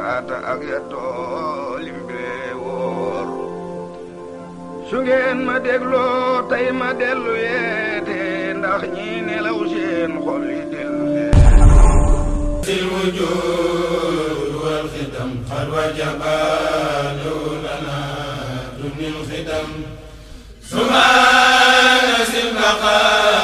ata ak ya toolim bee woor su ngeen ma dégloo tey ma dellu yeete ndax ñi nelaw seen xol yi dellu sil wujuud wal xidam xad wajaba law lana dunil xidam subhaana sil baqaa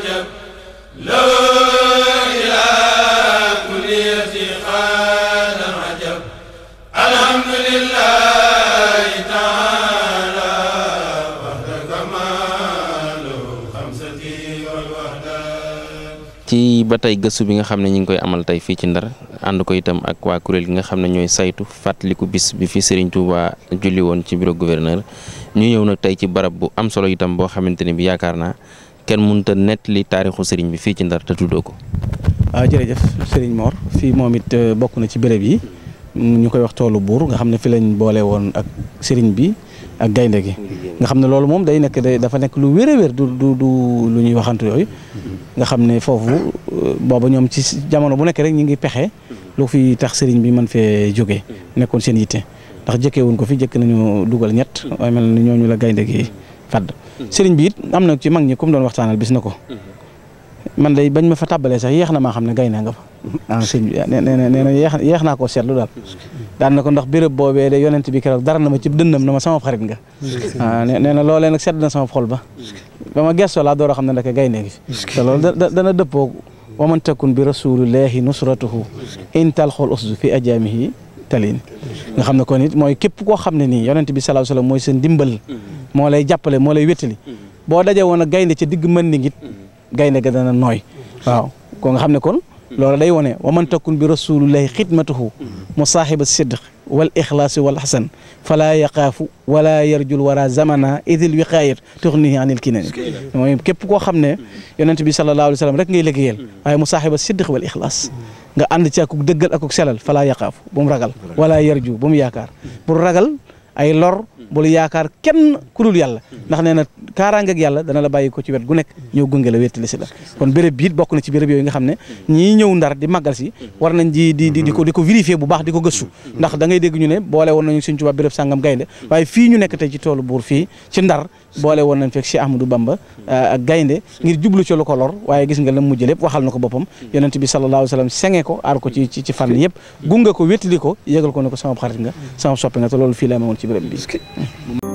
ci ba tey gëstu bi nga xam ne ñu ngi koy amal tey fii ci ndar ànd ko itam ak waa kuréel gi nga xam ne ñooy saytu fàttaliku bis bi fi Serigne Touba julli woon ci bureau gouverneur ñu ñëw na tey ci barab bu am solo itam boo xamante ni bi yaakaar naa kenn mënut nett nettali taarixu sëriñ bi fii ci ndar te tuddoo ko. waaw ah, jërëjëf sëriñ Mor fii moom it euh, bokk na ci béréb yi ñu koy wax toolu buur nga xam ne fi lañ boole woon ak sëriñ bi ak gaynde gi nga xam ne loolu moom day nekk day dafa nekk lu wér a du du lu ñuy waxantu yooyu nga xam ne foofu euh, booba ñoom ci jamono bu nekk rek ñu ngi pexe lu fi tax sëriñ bi mën fee jóge nekkoon seen yitte ndax jëkke wuñ ko fi jëkk nañu dugal ñett waaye mel ñooñu la gaynde gi fadd sëriñ bi it am na ci mag ñi ku mu doon waxtaanal bis na ko man day bañ ma fa tàbbalee sax yéex na maa xam ne gay na nga fa ah sëñ bi nee na nee na yeex naa koo seetlu daal daan na ko ndax béréb boobee de yonent bi keroog dara na ma ci dënnam na ma sama xarit nga ah nee na loolee nag sedd na sama xol ba ba ma gestoo laa door a xam ne ndaka gay na fi te loolu dana dëppoo wa man takun bi rasulillahi nusratuhu in talxul usdu fi ajamihi muhtalin nga xam ne kon it mooy képp koo xam ne nii yonent bi sallallahu alayhi wasallam mooy seen dimbal moo lay jàppale moo lay wétali boo daje woon a gaynde ca digg mën nit gaynde ga dana nooy waaw ko nga xam ne kon loolu day wone wa man takun bi rasulillahi xidmatuhu mu a sidq wal ixlaasi wal xasan falaa yaqaafu wala yarjul wara zamana idil wiqaayat tuxnihi anil kinani mooy képp koo xam ne yonent bi sallallahu alayhi wa sallam rek ngay nga ànd ci akuk dëggal akuk selal falaa yaqaafu bu mu ragal wala yarju bu mu yaakaar pour ragal ay lor bul yaakaar kenn ku dul yàlla ndax ne na kaaraangeeg yàlla dana la bàyyi ko ci wet gu nekk ñëw gunge la wéttali si la kon béréb bi it bokk na ci béréb yooyu nga xam ne ñii ñëw ndar di màggal si war nañ di di ko di bu baax di ko gëstu ndax da ngay ñu ne boole woon nañu suñ tubaab béréb sàngam euh, gaynde ngir jublu ci ko lor waaye gis nga la mujj lépp waxal na ko boppam yonent bi sallallahu alayhi wa sallam senge ko aar ko ci ci fànn yëpp gunge ko wéttali ko yégal ko ne ko sama xarit nga sama